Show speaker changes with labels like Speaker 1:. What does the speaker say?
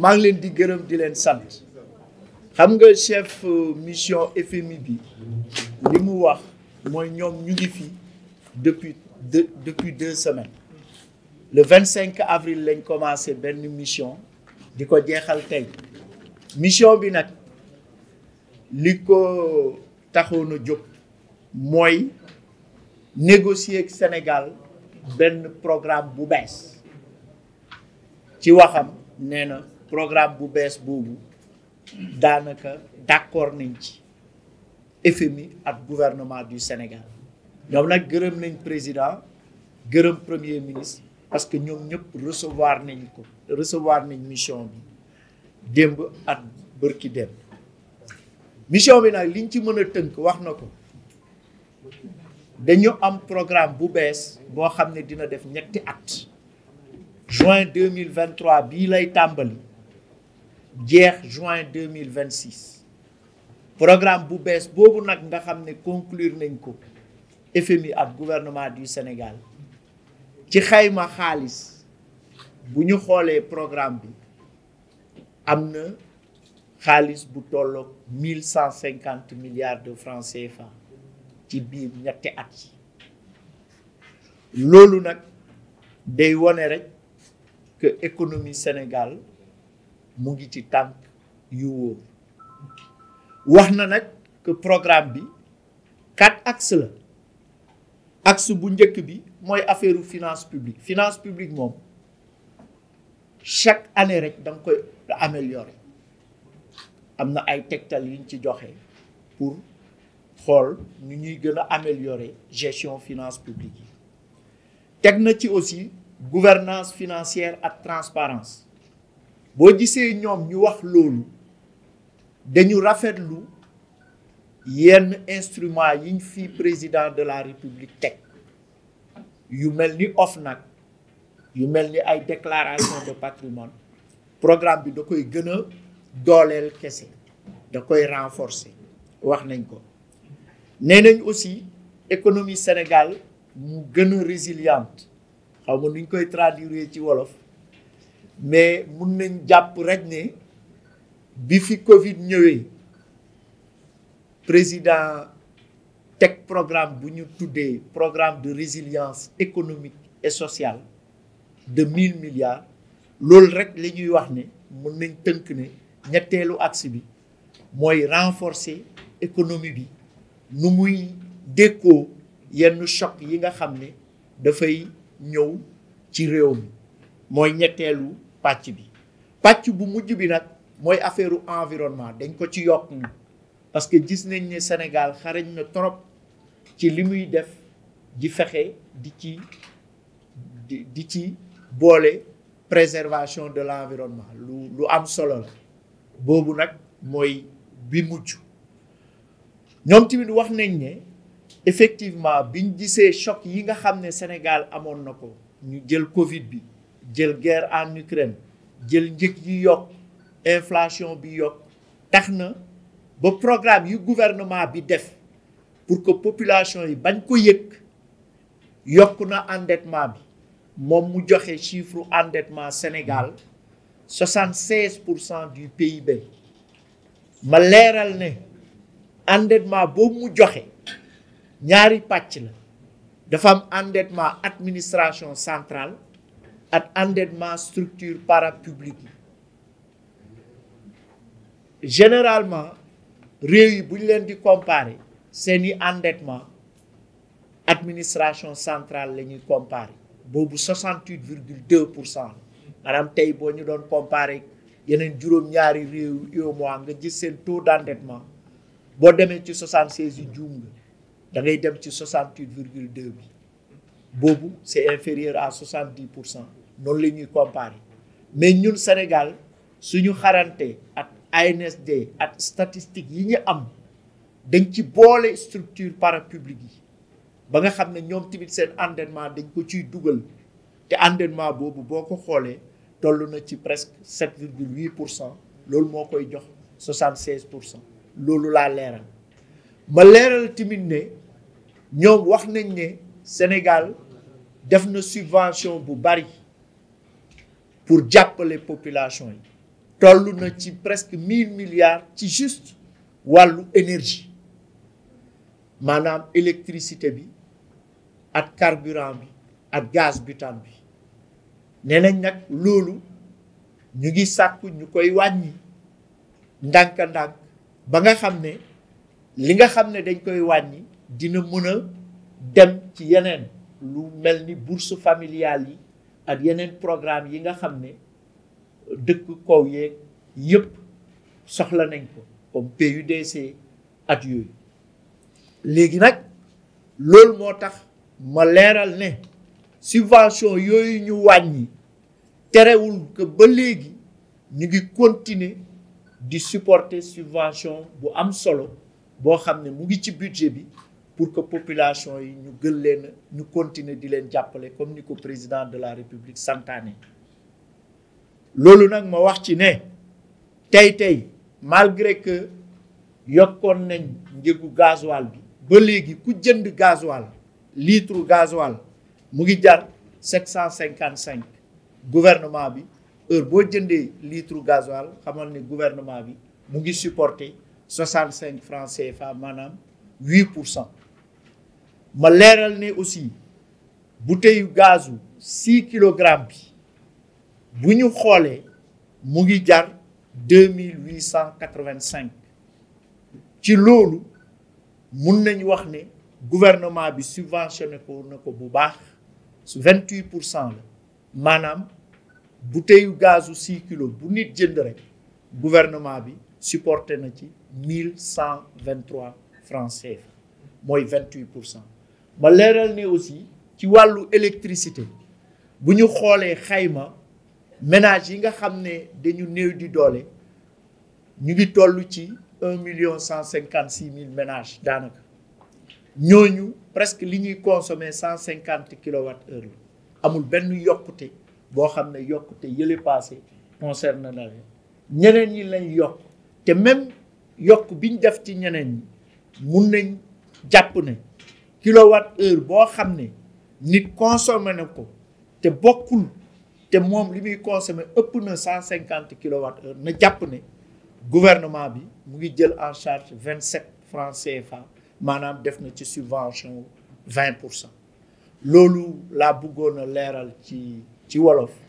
Speaker 1: maa ngi leen di gërëm di leen sant xam nga chef euh, mission FMI bi li mu wax mooy ñoom ñu ngi fi depuis de depuis deux semaines le vingt cinq avril lañ commencé benn mission di ko jeexal tey mission bi nag li ko taxoon a jóg mooy négocier ak Sénégal benn programme bu bees ci waxam nee na programme bu bees boobu daanaka d'accord nañ ci FMI ak gouvernement du Sénégal ñoom nag gërëm nañ président gërëm premier ministre parce que ñoom ñëpp recevoir nañ ko recevoir nañ mission bi démb at bërki dem mission bi nag liñ ci mën a tënk wax na ko dañu am programme bu bees boo xam ne dina def ñetti at juin 2023 bii lay tàmbali jeex juin deux mille vingt six programme bu bees boobu nag nga xam ne conclure nañ ko FMI ak gouvernement du Sénégal ci xayma xaalis bu ñu xoolee programme bi am na xaalis bu tolloog mille cent cinquante milliards de français CFA ci biir ñetti at yi loolu nag day wone rek que économie Sénégal mu ngi ci tànk yu wóor wax na nag que programme bi quatre axes la axe bu njëkk bi mooy affaire finance publique finance publique moom chaque année rek da nga koy améliorer am na ay tegtal yuñ ci joxe pour xool nu ñuy gën a améliorer gestion finance publique teg na ci aussi gouvernance financière ak transparence boo gisee ñoom ñu wax loolu dañu rafetlu yenn instrument yiñ fi président de la république teg yu mel ni OFNAC yu mel ni ay déclaration de patrimoine programme bi da koy gën a dooleel kese da koy renforcer wax nañ ko nee aussi économie Sénégal mu gën a xaw ma nuñ koy traduire ci wolof mais mun nañ jàpp rek ne bi fi Covid ñëwee président teg programme bu ñu tuddee programme de résilience économique et sociale de mille milliards loolu rek li ñuy wax ne mun nañ tënk ne ñetteelu axe bi mooy renforcer économie bi nu muy dékkoo yenn choc yi nga xam ne dafay ñëw ci réew mi mooy ñetteelu pàcc bi pàcc bu mujj bi nag mooy affaire environnement dañ ko ci yokk parce que gis nañ ne Sénégal xarañ na trop ci li muy def di fexe di ci di ci boole préservation de l'environnement lu lu am solo la boobu nag mooy bi mujj ñoom tamit wax nañ ne effectivement biñ gisee choc yi nga xam ne Sénégal amoon na ko ñu jël Covid bi jël guerre en Ukraine jël njëg yi yokk inflation bi yokk tax na ba programme yu gouvernement bi def pour que population yi bañ ko yëg yokk na endettement bi moom mu joxe chiffre endettement Sénégal 76 pour cent du PIB ma leeral ne endettement boobu mu joxe ñaari pàcc la dafa am endettement administration central ak endettement structure parapublique yi généralement réew yi buñ leen di comparer seeni endettement administration centrale la ñuy comparer boobu 68 virgule 2 pour cent la tey boo ñu doon comparer yeneen juróom-ñaari réew UEMOA nga gis seen taux d'endettement boo demee ci 76 yi juum nga da ngay dem ci 68 virgule 2 bi. boobu c'est inférieur à 70 pour cent noonu la ñuy comparer mais ñun Sénégal suñu xarante ak ANSD ak statistique yi ñu am dañ ci boole structure parapublique yi ba nga xam ne ñoom tamit seen endettement dañ ko ciy dugal te endettement boobu boo ko xoolee toll na ci presque 7,8 pour cent loolu moo koy jox 76 pour cent loolu laa leeral ma leeral tamit ne ñoom wax nañ ne. Sénégal def na subvention bu bari pour jàppale population yi tollu na ci presque mille milliards ci juste wàllu énergie maanaam électricité bi ak carburant bi ak gaz butane bi nee nañ nag loolu ñu ngi sàkku ñu koy wàññi ndànk-ndànk ba nga xam ne li nga xam ne dañ koy wàññi dina mën a dem ci yeneen lu mel ni bourse familiale yi ak yeneen programme yi nga xam ne dëkk kaw yeeg yëpp soxla nañ ko comme PUDC at yooyu léegi nag loolu moo tax ma leeral ne subvention yooyu ñu wàññi terewul que ba léegi ñu ngi continuer di supporter subvention bu am solo boo xam ne mu ngi ci budget bi pour que population yi ñu gën leen ñu continuer di leen jàppale comme ni ko président de la république santaane loolu nag ma wax ci ne tey tey malgré que yokkoon nañ njëgu gasoil bi ba léegi ku jënd gasoil litre gasoil mu ngi jar sept cent cinquante cinq gouvernement bi heure boo jëndee litre gasoil xamoon ne gouvernement bi mu ngi supporter soixante cinq francs CFA maanaam huit pour cent ma leeral ne aussi butéyu bouteille gazu six kilogrammes bi bu ñu xoolee mu ngi jar deux mille cent quatre-vingt-cinq ci loolu mun nañu wax ne gouvernement bi subventionné ko na ko bu baax su vingt-huit pour cent la maanaam bouteille gazu six kilos bu nit jënd rek gouvernement bi supporté na ci mille cent vingt-trois mooy vingt-huit pour cent ma leeral ni aussi ci wàllu électricité bu ñu xoolee xayma ménage yi nga xam ne dañu néew di doole ñu ngi toll ci un million cent cinquante six mille ménages daanaka ñooñu presque li ñuy consommer cent cinquante kilowatt heure la amul benn yokkute boo xam ne yokkute yële passé concerne na leen ñeneen yi lañ yokk te même yokk biñ def ci ñeneen ñi mun nañ jàpp ne kilowatt heure boo xam ni nit consommé na ko te bokkul te moom li muy consommé ëpp na cent cinquante kilowatt heure na jàpp ni gouvernement bi mu ngi jël en charge vingt sept francs CFA maanaam def na ci subvention vingt pour cent loolu laa bëggoon a leeral ci ci wolof